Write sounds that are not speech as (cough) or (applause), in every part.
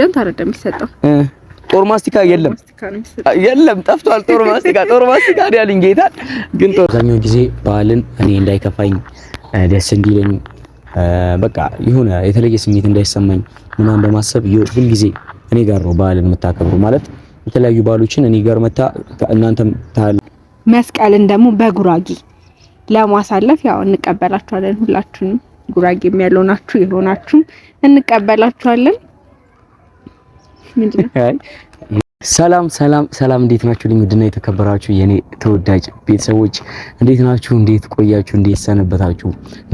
ፕሬዝዳንት አይደለም የሚሰጠው። ጦር ማስቲካ የለም የለም፣ ጠፍቷል። ጦር ማስቲካ ጦር ማስቲካ ያለኝ ጌታ ግን ጦር አብዛኛው ጊዜ በዓልን እኔ እንዳይከፋኝ ደስ እንዲለኝ በቃ የሆነ የተለየ ስሜት እንዳይሰማኝ ምናምን በማሰብ ሁል ጊዜ እኔ ጋር ነው በዓልን የምታከብሩ ማለት የተለያዩ በዓሎችን እኔ ጋር መታ እናንተም ታል መስቀልን ደግሞ በጉራጌ ለማሳለፍ ያው እንቀበላችኋለን። ሁላችሁንም ጉራጌ የሚያልሆናችሁ የሆናችሁ እንቀበላችኋለን። (laughs) ሰላም ሰላም ሰላም፣ እንዴት ናችሁ? ልኝ ውድና የተከበራችሁ የኔ ተወዳጅ ቤተሰቦች እንዴት ናችሁ? እንዴት ቆያችሁ? እንዴት ሰነበታችሁ?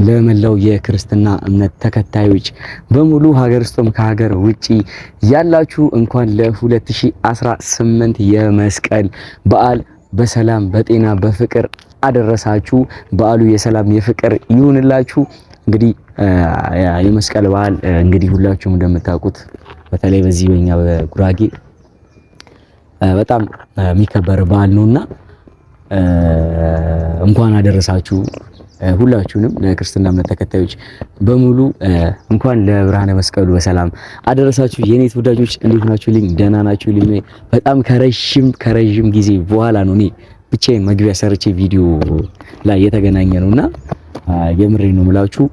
ለመላው የክርስትና እምነት ተከታዮች በሙሉ ሀገር ውስጥም ከሀገር ውጪ ያላችሁ እንኳን ለ2018 የመስቀል በዓል በሰላም በጤና በፍቅር አደረሳችሁ። በዓሉ የሰላም የፍቅር ይሁንላችሁ። እንግዲህ የመስቀል በዓል እንግዲህ ሁላችሁም እንደምታውቁት በተለይ በዚህ በኛ በጉራጌ በጣም የሚከበር በዓል ነውና እንኳን አደረሳችሁ ሁላችሁንም ለክርስትና እምነት ተከታዮች በሙሉ እንኳን ለብርሃነ መስቀሉ በሰላም አደረሳችሁ። የኔ ተወዳጆች እንዴት ናችሁ? ልኝ ደህና ናችሁ? ልኝ በጣም ከረዥም ከረዥም ጊዜ በኋላ ነው እኔ ብቻዬን መግቢያ ሰርቼ ቪዲዮ ላይ የተገናኘ ነውና የምሬ ነው ምላችሁ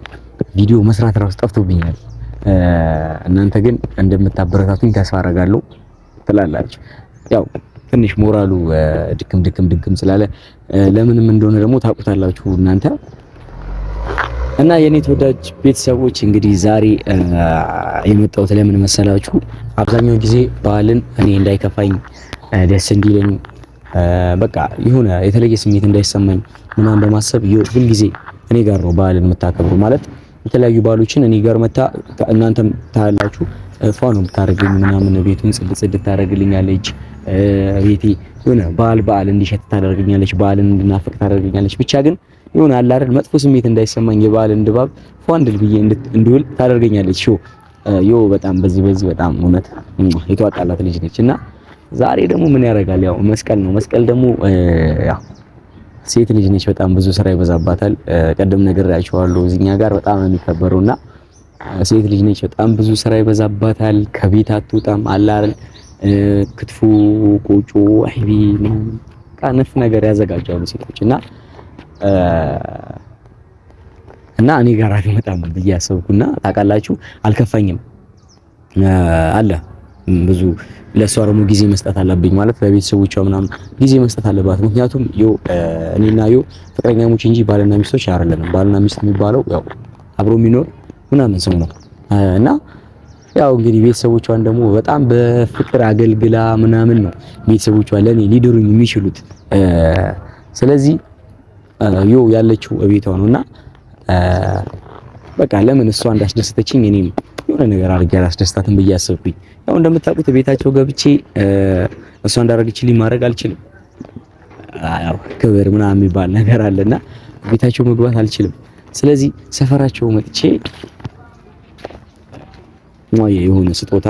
ቪዲዮ መስራት ራሱ ጠፍቶብኛል። እናንተ ግን እንደምታበረታቱኝ ተስፋ አደርጋለሁ ትላላችሁ። ያው ትንሽ ሞራሉ ድክም ድክም ድክም ስላለ ለምንም እንደሆነ ደግሞ ታውቁታላችሁ እናንተ እና የኔ ተወዳጅ ቤተሰቦች እንግዲህ ዛሬ የመጣሁት ለምን መሰላችሁ? አብዛኛው ጊዜ በዓልን እኔ እንዳይከፋኝ ደስ እንዲለኝ በቃ የሆነ የተለየ ስሜት እንዳይሰማኝ ምናምን በማሰብ ጊዜ እኔ ጋር ነው በዓልን የምታከብሩ ማለት የተለያዩ ባሎችን እኔ ጋር መታ እናንተም ታላችሁ እሷ ነው የምታደርግልኝ ምናምን ቤቱን ጽድት ጽድት ታደርግልኛለች። ቤቴ ሆነ በዓል በዓል እንዲሸት ታደርግኛለች። በዓልን እንድናፈቅ ታደርግኛለች። ብቻ ግን ይሁን አለ አይደል መጥፎ ስሜት እንዳይሰማኝ የበዓልን ድባብ ፏ እንድል ብዬ እንድውል ታደርገኛለች። ሾ ዮ በጣም በዚህ በዚህ በጣም እውነት የተዋጣላት ልጅ ነች። እና ዛሬ ደግሞ ምን ያደርጋል ያው መስቀል ነው። መስቀል ደግሞ ያው ሴት ልጅ ነች። በጣም ብዙ ስራ ይበዛባታል። ቀደም ነገር ያቸዋሉ እዚኛ ጋር በጣም ነው የሚከበረውና ሴት ልጅ ነች። በጣም ብዙ ስራ ይበዛባታል። ከቤት አትወጣም። አላል ክትፎ፣ ቆጮ፣ አይቢ ቃነፍ ነገር ያዘጋጃሉ ሴቶችና እና እና እኔ ጋር አትመጣም ብዬ አሰብኩና ታውቃላችሁ፣ አልከፋኝም አለ ብዙ ለእሷ ደግሞ ጊዜ መስጠት አለብኝ ማለት ለቤተሰቦቿ ምናምን ጊዜ መስጠት አለባት። ምክንያቱም ዮ እኔና ዮ ፍቅረኛሞች እንጂ ባልና ሚስቶች አይደለንም። ባልና ሚስት የሚባለው ያው አብሮ የሚኖር ምናምን ሰው ነው እና ያው እንግዲህ ቤተሰቦቿን ደግሞ በጣም በፍቅር አገልግላ ምናምን ነው ቤተሰቦቿ ለእኔ ሊድሩኝ የሚችሉት። ስለዚህ ዮ ያለችው ቤቷ ነውና በቃ ለምን እሷ እንዳስደሰተችኝ እኔም የሆነ ነገር አድርጌ አላስደስታትም ብዬ አሰብኩኝ። ያው እንደምታውቁት ቤታቸው ገብቼ እሷ እንዳደረገችልኝ ማድረግ አልችልም። ያው ክብር ምናምን የሚባል ነገር አለና ቤታቸው መግባት አልችልም። ስለዚህ ሰፈራቸው መጥቼ ማየ የሆነ ስጦታ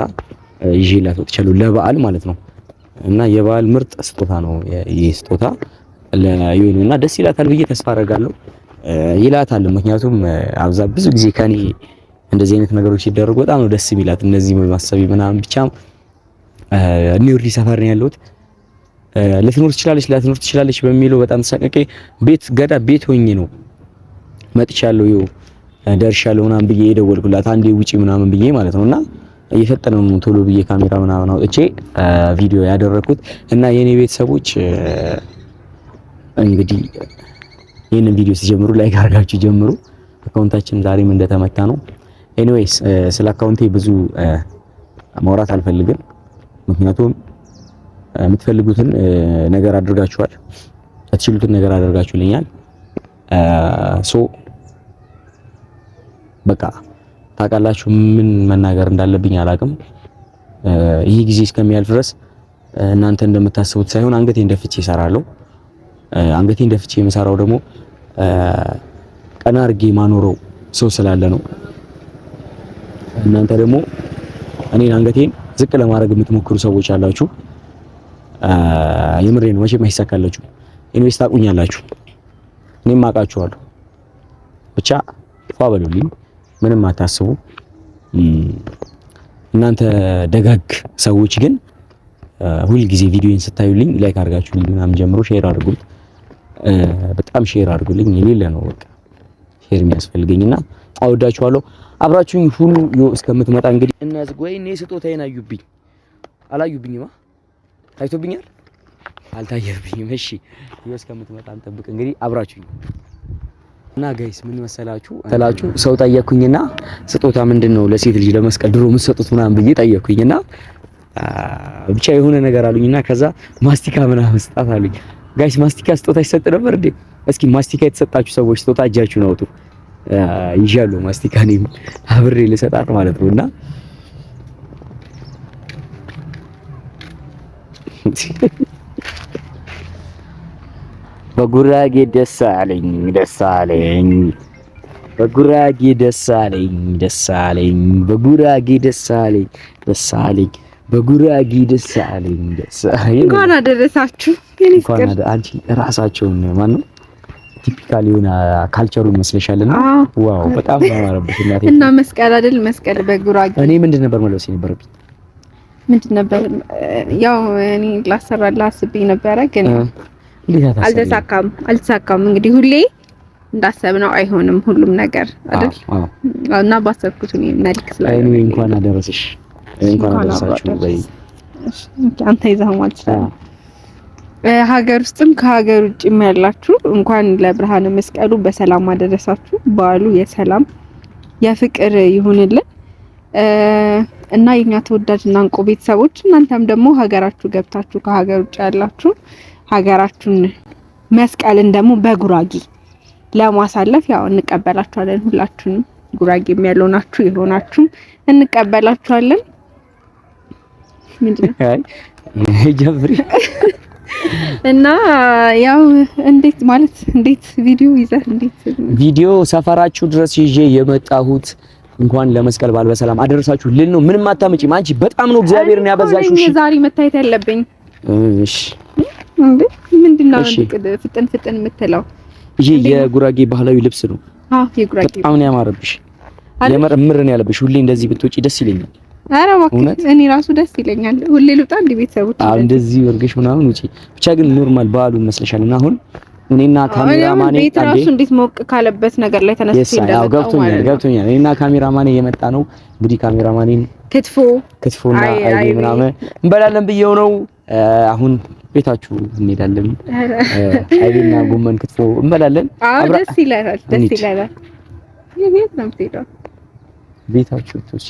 ይዤላት ወጥቻለሁ፣ ለበዓል ማለት ነው። እና የበዓል ምርጥ ስጦታ ነው ይሄ ስጦታ ለዩኒ እና ደስ ይላታል ብዬ ተስፋ አደርጋለሁ። ይላታል ምክንያቱም አብዛ ብዙ ጊዜ ከኔ እንደዚህ አይነት ነገሮች ሲደረጉ በጣም ነው ደስ የሚላት። እነዚህ በማሰብ ምናምን ብቻ ኒውሪ ሰፈር ነው ያለሁት። ልትኖር ትችላለች ላትኖር ትችላለች በሚለው በጣም ተሳቀቄ ቤት ገዳ ቤት ሆኜ ነው መጥቻለሁ። ይኸው ደርሻለሁ ምናምን ብዬ የደወልኩላት አንዴ ውጪ ምናምን ብዬ ማለት ነውና እየፈጠነ ነው ቶሎ ብዬ ካሜራ ምናምን አውጥቼ ቪዲዮ ያደረኩት እና የኔ ቤተሰቦች እንግዲህ ይህንን ቪዲዮ ሲጀምሩ ላይክ አድርጋችሁ ጀምሩ። አካውንታችን ዛሬም እንደተመታ ነው። ኤኒዌይስ uh, ስለ አካውንቴ ብዙ uh, ማውራት አልፈልግም፣ ምክንያቱም uh, የምትፈልጉትን ነገር አድርጋችኋል፣ የምትችሉትን ነገር አድርጋችሁልኛል። ሶ በቃ ታውቃላችሁ ምን መናገር እንዳለብኝ አላውቅም። ይህ ጊዜ እስከሚያልፍ ድረስ እናንተ እንደምታስቡት ሳይሆን አንገቴን ደፍቼ እሰራለሁ። አንገቴን ደፍቼ የምሰራው ደግሞ ቀና አድርጌ ማኖረው ሰው ስላለ ነው። እናንተ ደግሞ እኔን አንገቴን ዝቅ ለማድረግ የምትሞክሩ ሰዎች አላችሁ። የምሬ ነው። መቼም አይሳካላችሁ። ኢንቨስት አቁኛላችሁ፣ እኔም አውቃችኋለሁ። ብቻ ፏ በሉልኝ፣ ምንም አታስቡ። እናንተ ደጋግ ሰዎች ግን ጊዜ ቪዲዮን ስታዩልኝ ላይክ አድርጋችሁልኝ ምናምን ጀምሮ ሼር አድርጉት። በጣም ሼር አድርጉልኝ። የሌለ ነው በቃ ሼር የሚያስፈልገኝና አወዳችኋለሁ። አብራችሁኝ ሁሉ እስከምትመጣ እንግዲህ እነዚህ ወይ እኔ ስጦታዬን አዩብኝ አላዩብኝማ ታይቶብኛል አልታየብኝም። እሺ ይኸው እስከምትመጣ እንጠብቅ እንግዲህ አብራችሁኝ እና ጋይስ ምን መሰላችሁ ተላችሁ ሰው ጠየኩኝና ስጦታ ምንድነው ለሴት ልጅ ለመስቀል ድሮ የምትሰጡት ምናምን ብዬ ጠየኩኝና ብቻ የሆነ ነገር አሉኝና ከዛ ማስቲካ ምናምን ስጣት አሉኝ። ጋይስ ማስቲካ ስጦታ ይሰጥ ነበር እንዴ? እስኪ ማስቲካ የተሰጣችሁ ሰዎች ስጦታ እጃችሁን አውጡ። ይዣለሁ ማስቲካ እኔም አብሬ ልሰጣት ማለት ነው እና በጉራጌ ደስ አለኝ ደስ አለኝ በጉራጌ ደስ አለኝ ደስ አለኝ በጉራጌ ደስ አለኝ ደስ አለኝ በጉራጌ ደስ አለኝ ደስ አለኝ። እንኳን አደረሳችሁ። አንቺ ራሳቸውን ማነው ቲፒካል የሆነ ካልቸሩ ይመስለሻል። እና ዋው በጣም ባማረብሽ እናቴ። እና መስቀል አይደል መስቀል በጉራጌ እኔ ምንድን ነበር መልበስ የነበረብኝ? ምንድን ነበር ያው እኔ ላሰራላ አስቤ ነበረ፣ ግን አልተሳካም አልተሳካም። እንግዲህ ሁሌ እንዳሰብነው አይሆንም ሁሉም ነገር አይደል እና ባሰብኩት እኔ መልክ ስላለ እኔ እንኳን አደረሰሽ እንኳን አደረሰሽ በይ አንተ ይዘህ ማለት ነው ሀገር ውስጥም ከሀገር ውጭም ያላችሁ እንኳን ለብርሃነ መስቀሉ በሰላም አደረሳችሁ። በዓሉ የሰላም የፍቅር ይሁንልን እና የኛ ተወዳጅ እና እንቁ ቤተሰቦች እናንተም ደግሞ ሀገራችሁ ገብታችሁ ከሀገር ውጭ ያላችሁ ሀገራችሁን መስቀልን ደግሞ በጉራጌ ለማሳለፍ ያው እንቀበላችኋለን። ሁላችሁንም ጉራጌም ያልሆናችሁ የሆናችሁም እንቀበላችኋለን። ምንድን ነው ጀምሪ እና ያው እንዴት ማለት እንዴት ቪዲዮ ይዛል? እንዴት ቪዲዮ ሰፈራችሁ ድረስ ይዤ የመጣሁት እንኳን ለመስቀል በዓል በሰላም አደረሳችሁ ልል ነው። ምንም አታመጪም አንቺ። በጣም ነው እግዚአብሔርን ያበዛሽ። እሺ፣ ዛሬ መታየት ያለብኝ እሺ። እንዴ ምንድን ነው ፍጥን ፍጥን የምትለው? ይሄ የጉራጌ ባህላዊ ልብስ ነው። አዎ፣ የጉራጌ በጣም ነው ያማረብሽ። የምር ምር ነው ያለብሽ። ሁሌ እንደዚህ ብትወጪ ደስ ይለኛል። አረ እባክህ እኔ ራሱ ደስ ይለኛል። ሁሌ ልውጣ እንደ ቤተሰቦች አሁን እንደዚህ ወርገሽ ምናምን ውጪ ብቻ ግን ኖርማል በዓሉ ይመስለሻል። እና አሁን እኔና ካሜራ ማኔ ቤት ራሱ እንዴት ሞቅ ካለበት ነገር ላይ ተነስቼ እንደመጣሁ ገብቶኛል፣ ገብቶኛል። እኔና ካሜራ ማኔ የመጣ ነው እንግዲህ ካሜራ ማኔን ክትፎ ክትፎና አይብ ምናምን እንበላለን ብዬው ነው። አሁን ቤታችሁ እንሄዳለን። አይብና ጎመን ክትፎ እንበላለን። አዎ ደስ ይላል፣ ደስ ይላል። ቤታችሁ ትውስ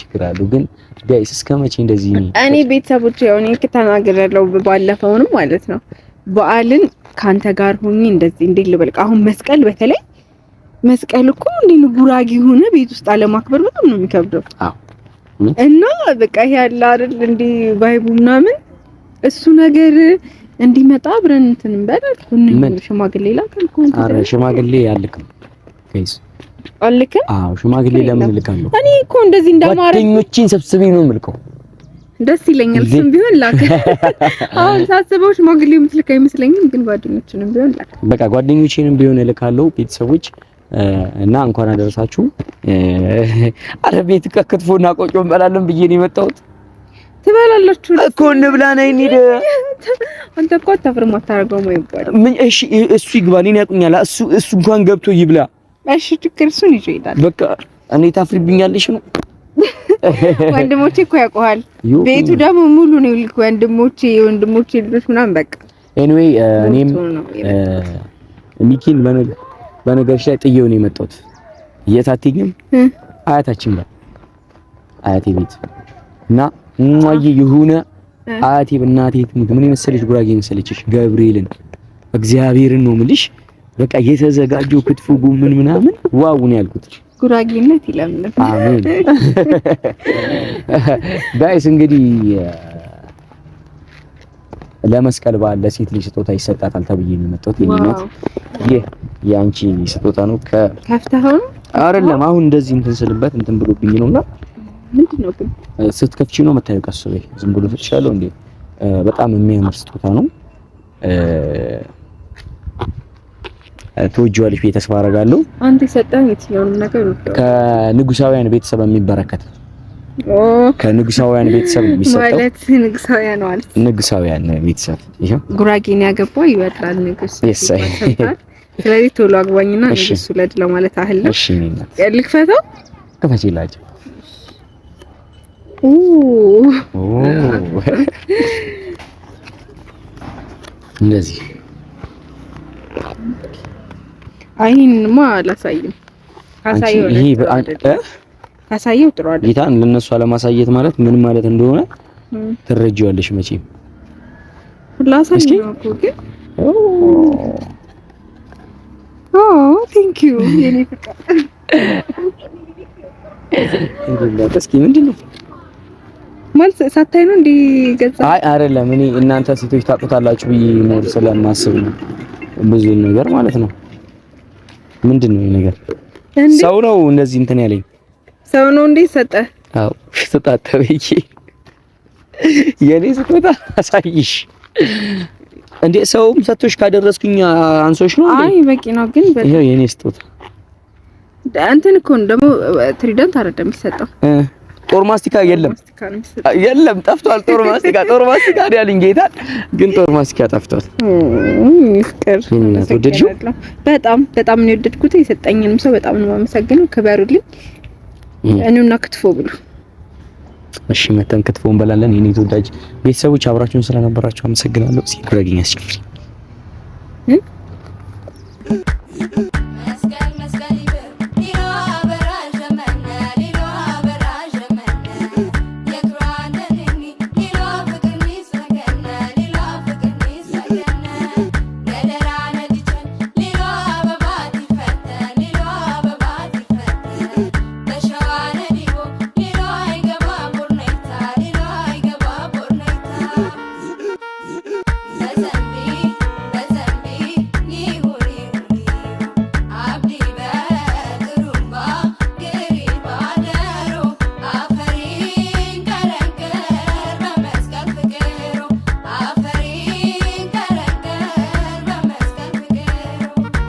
ችግር አለው። ግን ጋይስ እስከ መቼ እንደዚህ ነው? እኔ ቤተሰቦች ያው እኔ ተናግሬያለሁ፣ ባለፈውንም ማለት ነው በዓልን ካንተ ጋር ሆኜ እንደዚህ እንዴት ልበልቅ? አሁን መስቀል በተለይ መስቀል እኮ እንዴ ጉራጌ ሆነ ቤት ውስጥ አለማክበር በጣም ነው የሚከብደው። እና በቃ ይሄ አለ አይደል እንዴ ቫይቡ ምናምን እሱ ነገር እንዲመጣ አብረን እንትን እንበላል። ሽማግሌ ላከልኩ። ኧረ ሽማግሌ አልክም ጋይስ አልልክም። አዎ ሽማግሌ ለምን ልካለሁ? እኔ እኮ እንደዚህ እንደማረግ ጓደኞቼን ሰብስቤ ነው የምልከው። ደስ ይለኛል። እሱም ቢሆን ላክ። (laughs) አሁን ሳስበው ሽማግሌ የምትልክ አይመስለኝም፣ ግን ጓደኞችንም ቢሆን ላክ። በቃ ጓደኞቼንም ቢሆን እልካለሁ። ቤተሰቦች እና እንኳን አደረሳችሁ። አረ ቤት ከክትፎና ቆጮ እንበላለን ብዬ ነው የመጣሁት። ትበላላችሁ እኮ እንብላ። ነይ እንሂድ። አንተ እኮ አታፍርም፣ አታረገውም አይባልም። እሺ እሱ ይግባ፣ እኔን ያውቁኛል። እሱ እንኳን ገብቶ ይብላ እሺ ችግር እሱን ይዤ እሄዳለሁ። በቃ እኔ ታፍሪብኛለሽ ነው። (laughs) ወንድሞቼ እኮ ያውቀዋል። ቤቱ ደግሞ ሙሉ ነው። ልኩ ወንድሞቼ ወንድሞቼ ልጆች ምናምን በቃ ኤኒዌይ እኔም ሚኪን በነገርሽ ላይ ጥዬው ነው የመጣሁት። የት አትይኝም? አያታችን ጋር አያቴ ቤት እና እማዬ የሆነ አያቴ በእናቴ ትሙት ምን የመሰለሽ ጉራጌ የመሰለችሽ ገብርኤልን እግዚአብሔርን ነው የምልሽ በቃ የተዘጋጀው ክትፎ ጎመን ምናምን ዋው ነው ያልኩት። ጉራጌነት ይለምልም። አሜን ጋይስ። እንግዲህ ለመስቀል በዓል ለሴት ልጅ ስጦታ ይሰጣታል ተብዬ ነው የመጣሁት። የእናት ይህ የአንቺ ስጦታ ነው። ከፍተኸው አይደለም? አሁን እንደዚህ እንትን ስልበት እንትን ብሎብኝ ነውና ምንድነው ግን ስትከፍቺ ነው የምታየው። ቀስ በይ ዝም ብሎ ትችላለሁ እንዴ! በጣም የሚያምር ስጦታ ነው። ትወጂዋለሽ ብዬ ተስፋ አደርጋለሁ። አንተ የሰጠህ የትኛውንም ነገር ከንጉሳውያን ቤተሰብ የሚበረከት ከንጉሳውያን ቤተሰብ የሚሰጠው ማለት ንጉሳውያን ማለት ንጉሳውያን ቤተሰብ ይሄው ጉራጌን ያገባ ይወጣል ንጉስ። (laughs) ስለዚህ ቶሎ አግባኝና ንጉስ ውለድ ለማለት አህል ነው። እሺ ልክፈተው። ክፈቺላቸው። ኦ ኦ (laughs) እንደዚህ አይንማ አላሳይም። ካሳየው ጥሩ አይደል? ጌታን ለነሱ አለማሳየት ማለት ምን ማለት እንደሆነ ትረጂዋለሽ መቼም ሁላሳየው እኮ ግን ኦ ቴንክ ሳታይ ነው እንዴ? ገዛ አይ አይደለም። እኔ እናንተ ሴቶች ታውቁታላችሁ ብዬ ስለማስብ ነው ብዙ ነገር ማለት ነው። ምንድን ነው ይሄ ነገር? ሰው ነው እንደዚህ እንትን ያለኝ ሰው ነው እንዴ? ሰጠ። አዎ ስጣት ተበይ የኔ ስጦታ አሳይሽ እንዴ? ሰውም ሰጥቶሽ ካደረስኩኝ አንሶሽ ነው? አይ በቂ ነው። ግን በቃ ይሄ የኔ ስጦታ እንትን እኮ ደግሞ ትሪደንት አይደለም የሚሰጠው ጦር ማስቲካ የለም፣ የለም፣ ጠፍቷል። ጦር ማስቲካ ጦር ማስቲካ ያለኝ ጌታ ግን ጦር ማስቲካ ጠፍቷል። ፍቅር በጣም በጣም ነው የወደድኩት። የሰጠኝንም ሰው በጣም ነው የማመሰግነው። ክበሩልኝ። እኔውና ክትፎ ብሉ። እሺ፣ መተን ክትፎ እንበላለን። የኔ ተወዳጅ ቤተሰቦች አብራችሁን ስለነበራችሁ አመሰግናለሁ። ሲክረግኝ ጉራጌኛ አስጨፍሪ።